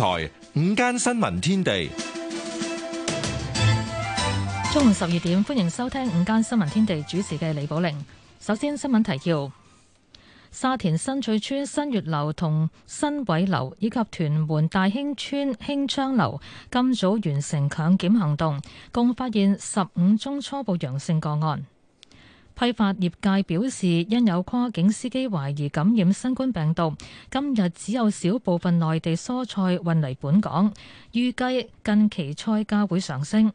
台五間新聞天地，中午十二點，歡迎收聽五間新聞天地主持嘅李寶玲。首先新聞提要：沙田新翠村新月樓同新偉樓以及屯門大興村興昌樓今早完成強檢行動，共發現十五宗初步陽性個案。批發業界表示，因有跨境司機懷疑感染新冠病毒，今日只有少部分內地蔬菜運嚟本港，預計近期菜價會上升。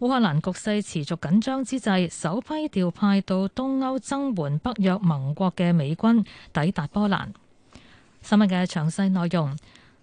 烏克蘭局勢持續緊張之際，首批調派到東歐增援北約盟國嘅美軍抵達波蘭。新聞嘅詳細內容。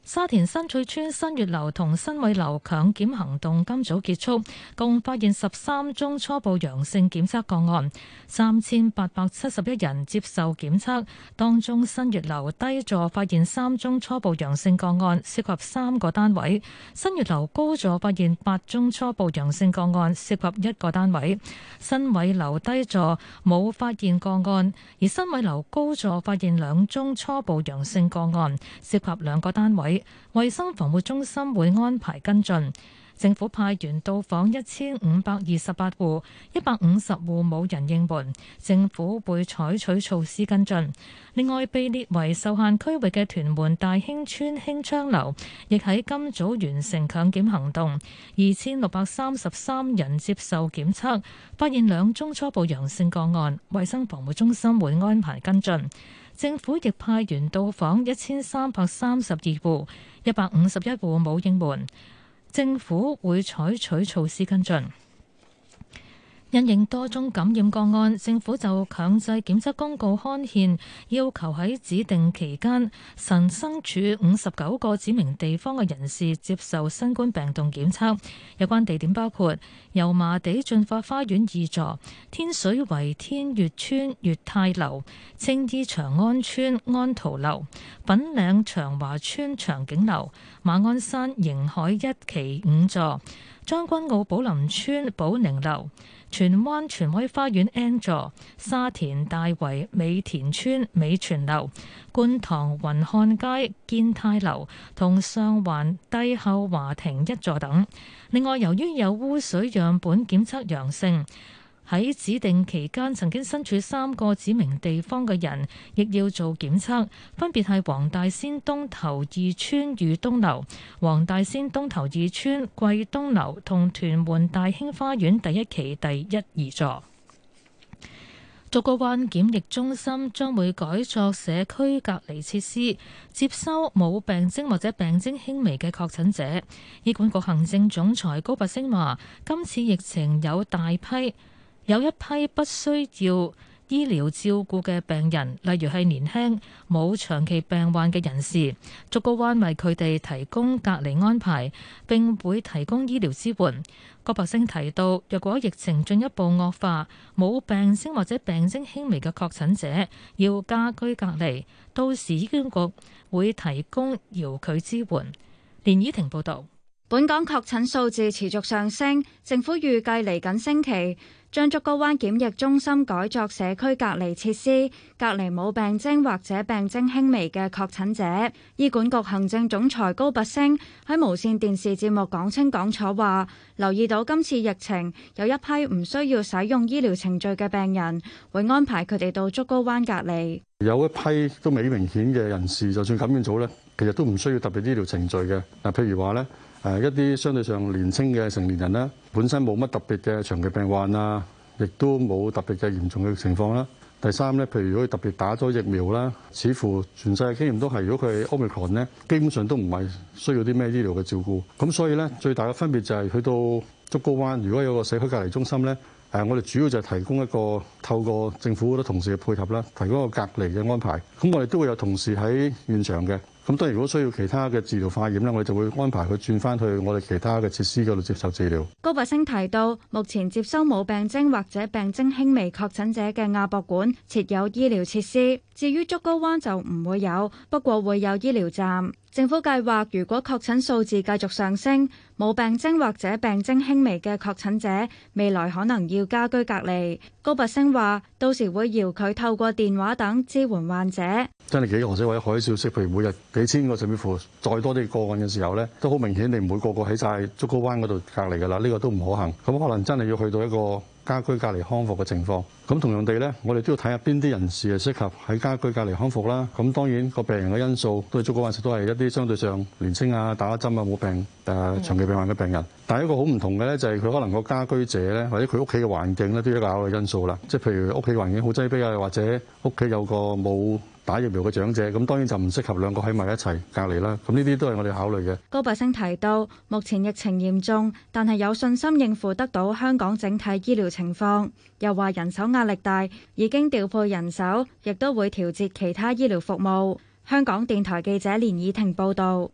沙田新翠村新月樓同新偉樓強檢行動今早結束，共發現十三宗初步陽性檢測個案，三千八百七十一人接受檢測。當中新月樓低座發現三宗初步陽性個案，涉及三個單位；新月樓高座發現八宗初步陽性個案，涉及一個單位；新偉樓低座冇發現個案，而新偉樓高座發現兩宗初步陽性個案，涉及兩個單位。衛生防護中心會安排跟進，政府派員到訪一千五百二十八戶，一百五十戶冇人應門，政府會採取措施跟進。另外，被列為受限區域嘅屯門大興村興昌樓，亦喺今早完成強檢行動，二千六百三十三人接受檢測，發現兩宗初步陽性個案，衛生防護中心會安排跟進。政府亦派員到訪一千三百三十二戶，一百五十一戶冇應門，政府會採取措施跟進。因應多宗感染個案，政府就強制檢測公告刊憲，要求喺指定期間，神生處五十九個指明地方嘅人士接受新冠病毒檢測。有關地點包括油麻地進化花園二座、天水圍天悅村悅泰樓、青衣長安村安圖樓、粉嶺長華村長景樓、馬鞍山迎海一期五座。將軍澳寶林村寶寧樓、荃灣荃威花園 N 座、沙田大圍美田村美泉樓、觀塘雲漢街建泰樓同上環帝后華庭一座等。另外，由於有污水樣本檢測陽性。喺指定期間曾經身處三個指明地方嘅人，亦要做檢測，分別係黃大仙東頭二村御東樓、黃大仙東頭二村貴東樓同屯門大興花園第一期第一二座。竹篙灣檢疫中心將會改作社區隔離設施，接收冇病徵或者病徵輕微嘅確診者。醫管局行政總裁高拔陞話：今次疫情有大批。有一批不需要醫療照顧嘅病人，例如係年輕冇長期病患嘅人士，逐個彎為佢哋提供隔離安排，並會提供醫療支援。郭柏聲提到，若果疫情進一步惡化，冇病徵或者病徵輕微嘅確診者要家居隔離，到時醫管局會提供遙距支援。連依婷報道。本港確診數字持續上升，政府預計嚟緊星期將竹篙灣檢疫中心改作社區隔離設施，隔離冇病徵或者病徵輕微嘅確診者。醫管局行政總裁高拔升喺無綫電視節目講清講楚話，留意到今次疫情有一批唔需要使用醫療程序嘅病人，會安排佢哋到竹篙灣隔離。有一批都未明顯嘅人士，就算感染咗呢，其實都唔需要特別醫療程序嘅嗱，譬如話咧。誒一啲相對上年青嘅成年人啦，本身冇乜特別嘅長期病患啊，亦都冇特別嘅嚴重嘅情況啦。第三咧，譬如如果佢特別打咗疫苗啦，似乎全世界經驗都係，如果佢係 Omicron 咧，基本上都唔係需要啲咩醫療嘅照顧。咁所以咧，最大嘅分別就係、是、去到竹篙灣，如果有個社區隔離中心咧，誒，我哋主要就係提供一個透過政府好多同事嘅配合啦，提供個隔離嘅安排。咁我哋都會有同事喺現場嘅。咁當然，如果需要其他嘅治療化驗咧，我哋就會安排佢轉翻去我哋其他嘅設施嗰度接受治療。高拔陞提到，目前接收冇病徵或者病徵輕微確診者嘅亞博館設有醫療設施，至於竹篙灣就唔會有，不過會有醫療站。政府計劃，如果確診數字繼續上升，冇病徵或者病徵輕微嘅確診者，未來可能要家居隔離。高拔陞話，到時會要佢透過電話等支援患者。真係幾或者為海嘯式？譬如每日幾千個甚至乎再多啲個案嘅時候咧，都好明顯，你唔會個個喺晒竹篙灣嗰度隔離㗎啦。呢個都唔可行，咁可能真係要去到一個家居隔離康復嘅情況。咁同樣地咧，我哋都要睇下邊啲人士係適合喺家居隔離康復啦。咁當然個病人嘅因素對中國都係足夠，或者都係一啲相對上年青啊、打針啊、冇病誒、呃、長期病患嘅病人。但係一個好唔同嘅咧，就係佢可能個家居者咧，或者佢屋企嘅環境咧，都一個考慮因素啦。即係譬如屋企環境好擠逼啊，或者屋企有個冇打疫苗嘅長者，咁當然就唔適合兩個喺埋一齊隔離啦。咁呢啲都係我哋考慮嘅。高拔陞提到，目前疫情嚴重，但係有信心應付得到香港整體醫療情況。又話人手壓力大，已經調配人手，亦都會調節其他醫療服務。香港電台記者連以婷報導。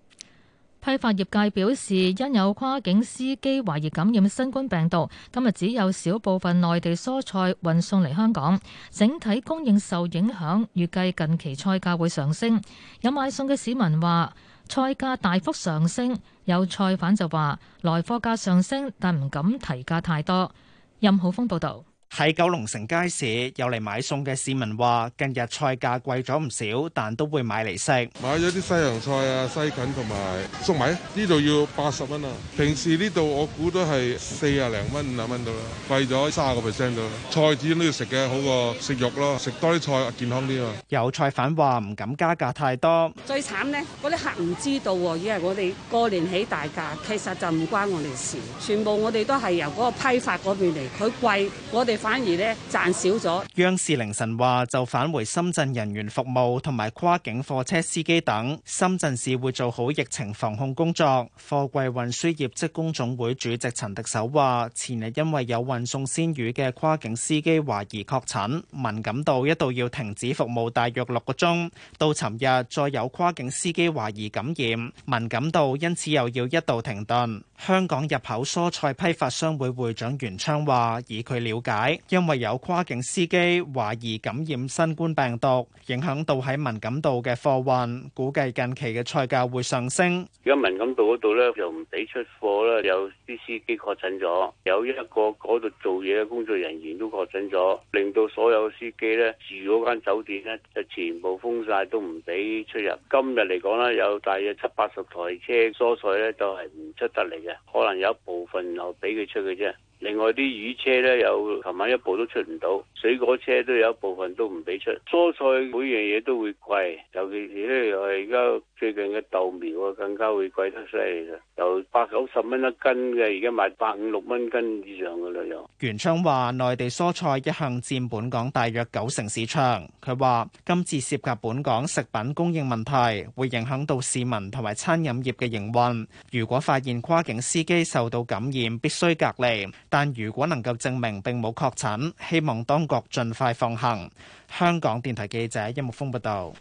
批發業界表示，因有跨境司機懷疑感染新冠病毒，今日只有少部分內地蔬菜運送嚟香港，整體供應受影響，預計近期菜價會上升。有買餸嘅市民話，菜價大幅上升。有菜販就話，來貨價上升，但唔敢提價太多。任浩峰報導。喺九龍城街市，有嚟買餸嘅市民話，近日菜價貴咗唔少，但都會買嚟食。買咗啲西洋菜啊、西芹同埋粟米，呢度要八十蚊啊！平時呢度我估都係四啊零蚊、五啊蚊到啦，貴咗卅個 percent 到。菜子都要食嘅，好過食肉咯，食多啲菜健康啲啊。有菜販話唔敢加價太多。最慘呢，嗰啲客唔知道喎、啊，以為我哋過年起大價，其實就唔關我哋事。全部我哋都係由嗰個批發嗰邊嚟，佢貴我哋。反而呢賺少咗。央視凌晨話，就返回深圳人員服務同埋跨境貨車司機等。深圳市會做好疫情防控工作。貨櫃運輸業職工總會主席陳迪首話，前日因為有運送鮮魚嘅跨境司機懷疑確診，敏感度一度要停止服務大約六個鐘到尋日，再有跨境司機懷疑感染，敏感度因此又要一度停頓。香港入口蔬菜批發商會會，會長袁昌話，以佢了解。因為有跨境司機懷疑感染新冠病毒，影響到喺敏感度嘅貨運，估計近期嘅菜價會上升。而家敏感度嗰度咧就唔俾出貨啦，有啲司機確診咗，有一個嗰度做嘢嘅工作人員都確診咗，令到所有司機咧住嗰間酒店咧就全部封晒，都唔俾出入。今日嚟講咧，有大約七八十台車蔬菜咧就係、是、唔出得嚟嘅，可能有一部分就俾佢出去啫。另外啲魚車咧，有琴晚一部都出唔到，水果車都有一部分都唔俾出，蔬菜每樣嘢都會貴，尤其是咧，而家最近嘅豆苗啊，更加會貴得犀利啦，由八九十蚊一斤嘅，而家賣百五六蚊斤以上嘅啦又。袁昌話：內地蔬菜一向佔本港大約九成市場。佢話今次涉及本港食品供應問題，會影響到市民同埋餐飲業嘅營運。如果發現跨境司機受到感染，必須隔離。但如果能夠證明並冇確診，希望當局盡快放行。香港電台記者殷木峰報道：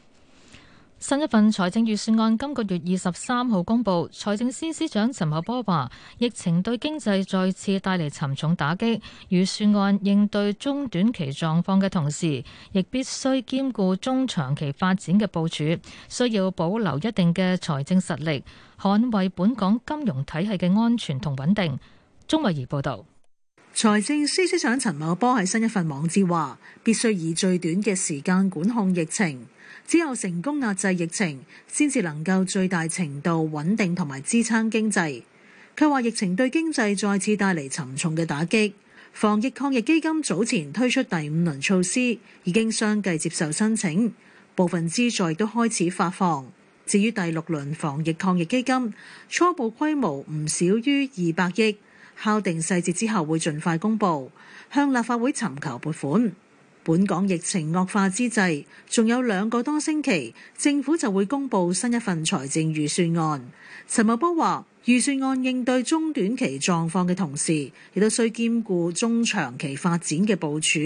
「新一份財政預算案今個月二十三號公布，財政司司長陳茂波話：疫情對經濟再次帶嚟沉重打擊，預算案應對中短期狀況嘅同時，亦必須兼顧中長期發展嘅部署，需要保留一定嘅財政實力，捍衛本港金融體系嘅安全同穩定。」鐘慧儀報道。財政司司長陳茂波喺新一份網誌話：必須以最短嘅時間管控疫情，只有成功壓制疫情，先至能夠最大程度穩定同埋支撐經濟。佢話疫情對經濟再次帶嚟沉重嘅打擊。防疫抗疫基金早前推出第五輪措施，已經相繼接受申請，部分資助亦都開始發放。至於第六輪防疫抗疫基金，初步規模唔少於二百億。敲定細節之後會盡快公布，向立法會尋求撥款。本港疫情惡化之際，仲有兩個多星期，政府就會公布新一份財政預算案。陳茂波話預算案應對中短期狀況嘅同時，亦都需兼顧中長期發展嘅部署。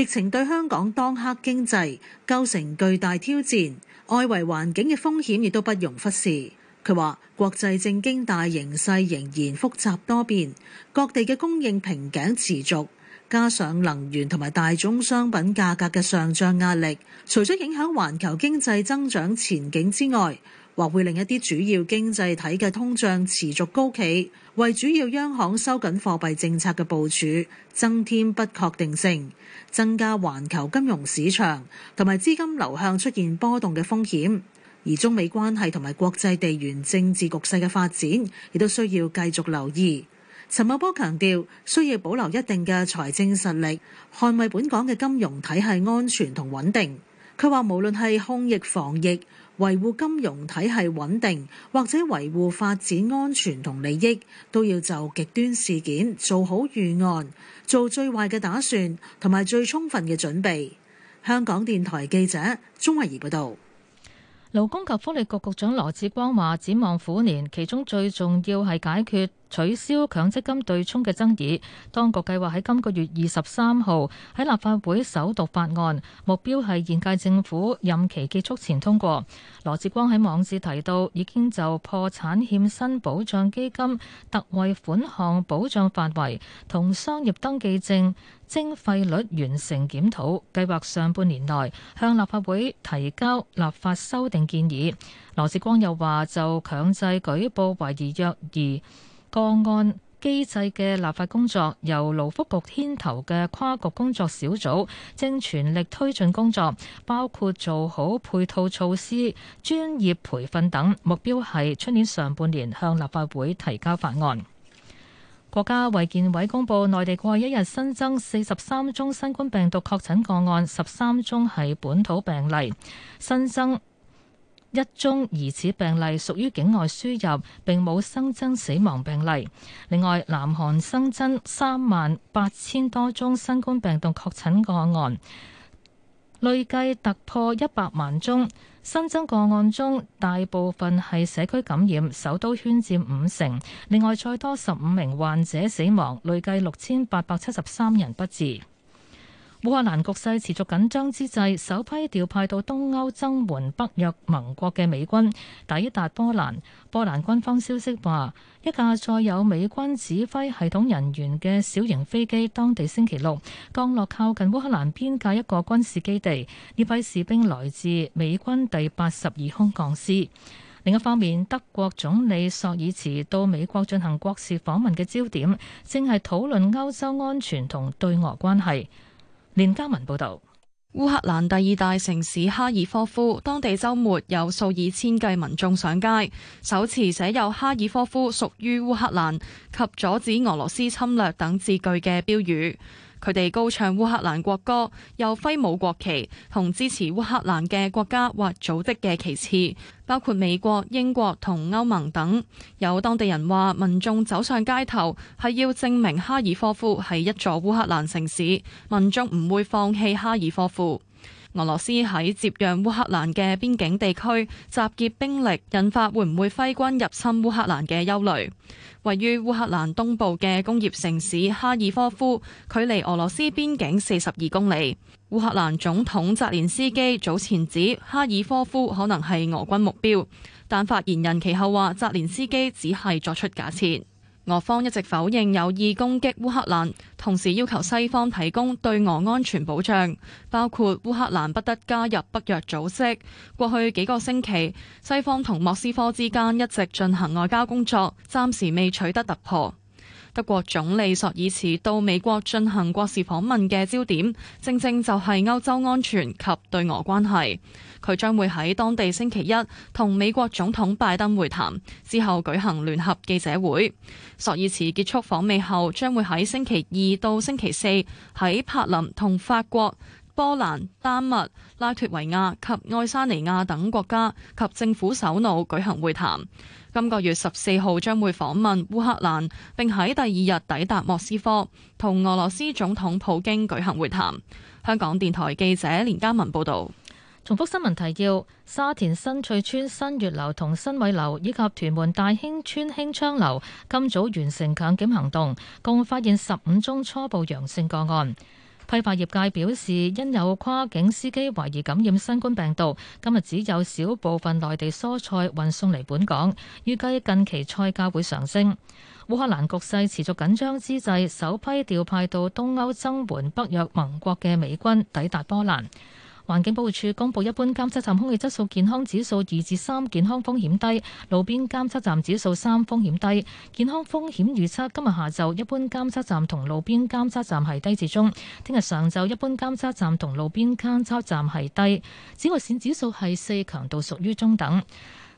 疫情對香港當刻經濟構成巨大挑戰，外圍環境嘅風險亦都不容忽視。佢話：國際政經大形勢仍然複雜多變，各地嘅供應瓶頸持續，加上能源同埋大宗商品價格嘅上漲壓力，除咗影響環球經濟增長前景之外，或會令一啲主要經濟體嘅通脹持續高企，為主要央行收緊貨幣政策嘅部署增添不確定性，增加環球金融市場同埋資金流向出現波動嘅風險。而中美關係同埋國際地緣政治局勢嘅發展，亦都需要繼續留意。陳茂波強調需要保留一定嘅財政實力，捍衛本港嘅金融體系安全同穩定。佢話無論係控疫、防疫、維護金融體系穩定，或者維護發展安全同利益，都要就極端事件做好預案，做最壞嘅打算同埋最充分嘅準備。香港電台記者鍾慧儀報道。勞工及福利局局長羅致光話：展望虎年，其中最重要係解決。取消強積金對沖嘅爭議，當局計劃喺今個月二十三號喺立法會首讀法案，目標係現屆政府任期結束前通過。羅志光喺網誌提到，已經就破產欠薪保障基金特惠款項保障範圍同商業登記證徵費率完成檢討，計劃上半年內向立法會提交立法修訂建議。羅志光又話，就強制舉報懷疑約而個案機制嘅立法工作由勞福局牽頭嘅跨局工作小組正全力推進工作，包括做好配套措施、專業培訓等，目標係出年上半年向立法會提交法案。國家衛健委公布，內地過去一日新增四十三宗新冠病毒確診個案，十三宗係本土病例新增。一宗疑似病例屬於境外輸入，並冇新增死亡病例。另外，南韓新增三萬八千多宗新冠病毒確診個案，累計突破一百萬宗。新增個案中，大部分係社區感染，首都圈佔五成。另外，再多十五名患者死亡，累計六千八百七十三人不治。烏克蘭局勢持續緊張之際，首批調派到東歐增援北約盟國嘅美軍抵達波蘭。波蘭軍方消息話，一架載有美軍指揮系統人員嘅小型飛機，當地星期六降落靠近烏克蘭邊界一個軍事基地。呢批士兵來自美軍第八十二空降師。另一方面，德國總理索爾茨到美國進行國事訪問嘅焦點，正係討論歐洲安全同對俄關係。連家文報道，烏克蘭第二大城市哈爾科夫，當地周末有數以千計民眾上街，手持寫有“哈爾科夫屬於烏克蘭”及“阻止俄羅斯侵略”等字句嘅標語。佢哋高唱烏克蘭國歌，又揮舞國旗，同支持烏克蘭嘅國家或組織嘅旗幟，包括美國、英國同歐盟等。有當地人話，民眾走上街頭係要證明哈爾科夫係一座烏克蘭城市，民眾唔會放棄哈爾科夫。俄羅斯喺接壤烏克蘭嘅邊境地區集結兵力，引發會唔會揮軍入侵烏克蘭嘅憂慮。位於烏克蘭東部嘅工業城市哈爾科夫，距離俄羅斯邊境四十二公里。烏克蘭總統澤連斯基早前指哈爾科夫可能係俄軍目標，但發言人其後話，澤連斯基只係作出假設。俄方一直否認有意攻擊烏克蘭，同時要求西方提供對俄安全保障，包括烏克蘭不得加入北約組織。過去幾個星期，西方同莫斯科之間一直進行外交工作，暫時未取得突破。德國總理朔爾茨到美國進行國事訪問嘅焦點，正正就係歐洲安全及對俄關係。佢將會喺當地星期一同美國總統拜登會談，之後舉行聯合記者會。朔爾茨結束訪美後，將會喺星期二到星期四喺柏林同法國、波蘭、丹麥、拉脫維亞及愛沙尼亞等國家及政府首腦舉行會談。今個月十四號將會訪問烏克蘭，並喺第二日抵達莫斯科，同俄羅斯總統普京舉行會談。香港電台記者連嘉文報道。重複新聞提要：沙田新翠村新月樓同新偉樓以及屯門大興村興昌樓今早完成強檢行動，共發現十五宗初步陽性個案。批發業界表示，因有跨境司機懷疑感染新冠病毒，今日只有少部分內地蔬菜運送嚟本港，預計近期菜價會上升。烏克蘭局勢持續緊張之際，首批調派到東歐增援北約盟國嘅美軍抵達波蘭。環境保護署公布，一般監測站空氣質素健康指數二至三，健康風險低；路邊監測站指數三，風險低。健康風險預測今日下晝一般監測站同路邊監測站係低至中，聽日上晝一般監測站同路邊監測站係低。紫外綫指數係四，強度屬於中等。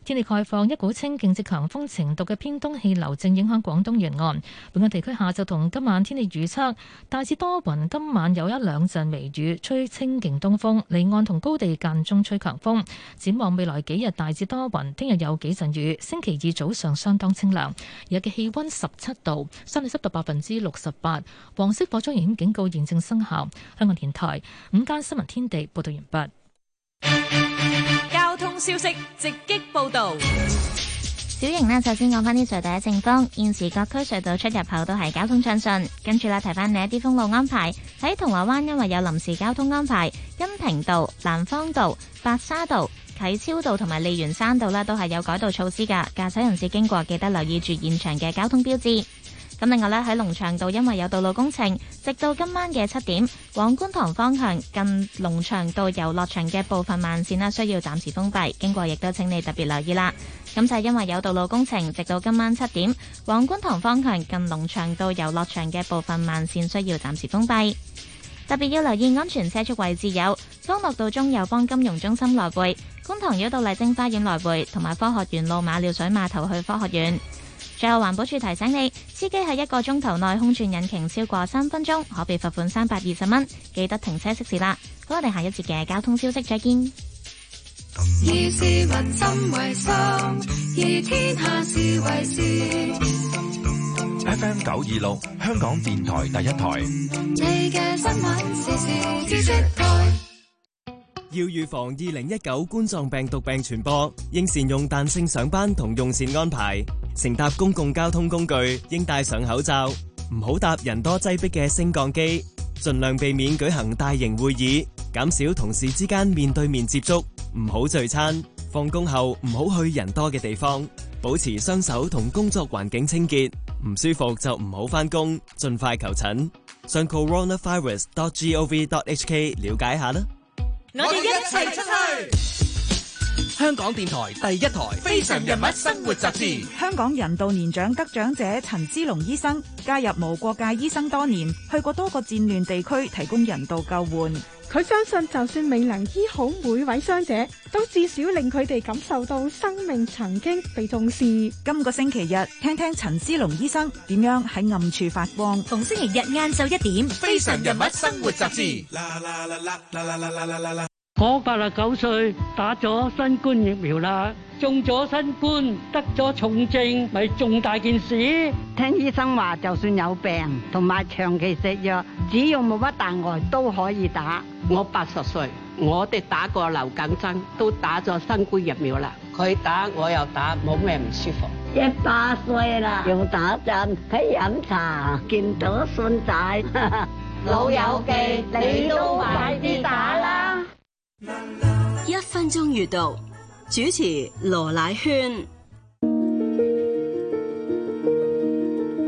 天氣概況：一股清勁至強風程度嘅偏東氣流正影響廣東沿岸。本港地區下晝同今晚天氣預測大致多雲，今晚有一兩陣微雨，吹清勁東風。離岸同高地間中吹強風。展望未來幾日大致多雲，聽日有幾陣雨。星期二早上相當清涼，日嘅氣温十七度，室內濕度百分之六十八。黃色火災危險警告現正生效。香港電台午間新聞天地報道完畢。消息直擊報道，小瑩啦，首先講翻啲隧道嘅情況。現時各區隧道出入口都係交通暢順，跟住啦，提翻你一啲封路安排。喺銅鑼灣，因為有臨時交通安排，恩平道、南方道、白沙道、啟超道同埋利園山道呢，都係有改道措施噶。駕駛人士經過，記得留意住現場嘅交通標誌。咁另外咧，喺龍翔道，因為有道路工程，直到今晚嘅七點，往觀塘方向近龍翔道遊樂場嘅部分慢綫啊，需要暫時封閉。經過亦都請你特別留意啦。咁就係因為有道路工程，直到今晚七點，往觀塘方向近龍翔道遊樂場嘅部分慢綫需要暫時封閉。特別要留意安全車速位置，有康樂道中友邦金融中心來回、觀塘繞道麗晶花園來回，同埋科學園路馬料水碼頭去科學園。最後環保署提醒你，司機喺一個鐘頭內空轉引擎超過三分鐘，可被罰款三百二十蚊。記得停車熄匙啦。好，我哋下一節嘅交通消息再見。以市民心為心，以天下事為事。FM 九二六，香港電台第一台。要預防2019冠狀病毒病傳播，應善用彈性上班同用膳安排。乘搭公共交通工具應戴上口罩，唔好搭人多擠逼嘅升降機。盡量避免舉行大型會議，減少同事之間面對面接觸。唔好聚餐，放工後唔好去人多嘅地方。保持雙手同工作環境清潔。唔舒服就唔好翻工，盡快求診。上 coronavirus.gov.hk 了解下啦。我哋一齊出去。香港電台第一台《非常人物》生活雜誌。香港人道年獎得獎者陳思龍醫生加入無國界醫生多年，去過多個戰亂地區，提供人道救援。佢相信，就算未能醫好每位傷者，都至少令佢哋感受到生命曾經被重視。今個星期日，聽聽陳思龍醫生點樣喺暗處發光。逢 星期日晏晝一點，《非常人物生活雜誌》。啦啦啦啦啦啦啦我八十九歲，打咗新冠疫苗啦，中咗新冠，得咗重症，咪重大件事。聽醫生話，就算有病同埋長期食藥，只要冇乜大礙都可以打。我八十歲，我哋打過流感針，都打咗新冠疫苗啦。佢打，我又打，冇咩唔舒服。一百歲啦，用打針，喺飲茶，見到孫仔。老友記，你都快啲打啦！分鐘閱讀，主持羅乃軒。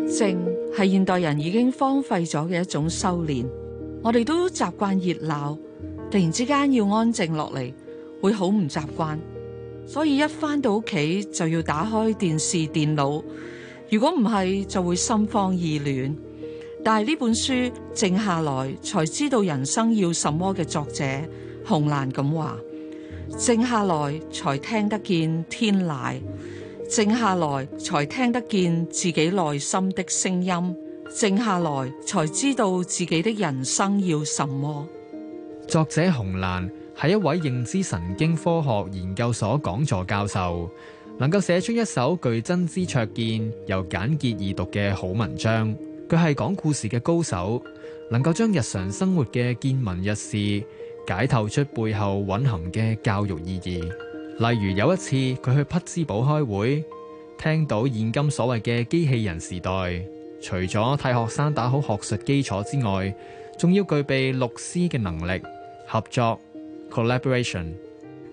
靜係現代人已經荒廢咗嘅一種修煉。我哋都習慣熱鬧，突然之間要安靜落嚟，會好唔習慣。所以一返到屋企就要打開電視、電腦。如果唔係，就會心慌意亂。但係呢本書靜下來，才知道人生要什麼嘅作者紅蘭咁話。靜下來才聽得見天籟，靜下來才聽得見自己內心的聲音，靜下來才知道自己的人生要什麼。作者洪蘭係一位認知神經科學研究所講座教授，能夠寫出一首具真知灼見又簡潔易讀嘅好文章。佢係講故事嘅高手，能夠將日常生活嘅見聞日事。解透出背後蘊含嘅教育意義，例如有一次佢去匹茲堡開會，聽到現今所謂嘅機器人時代，除咗替學生打好學術基礎之外，仲要具備六 C 嘅能力：合作 （collaboration）、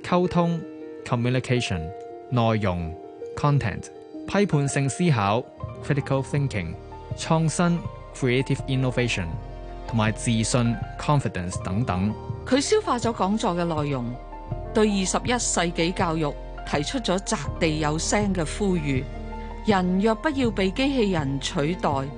溝通 （communication）、內容 （content）、批判性思考 （critical thinking）、創新 （creative innovation）。同埋自信 （confidence） 等等，佢消化咗講座嘅內容，對二十一世紀教育提出咗擲地有聲嘅呼籲，人若不要被機器人取代。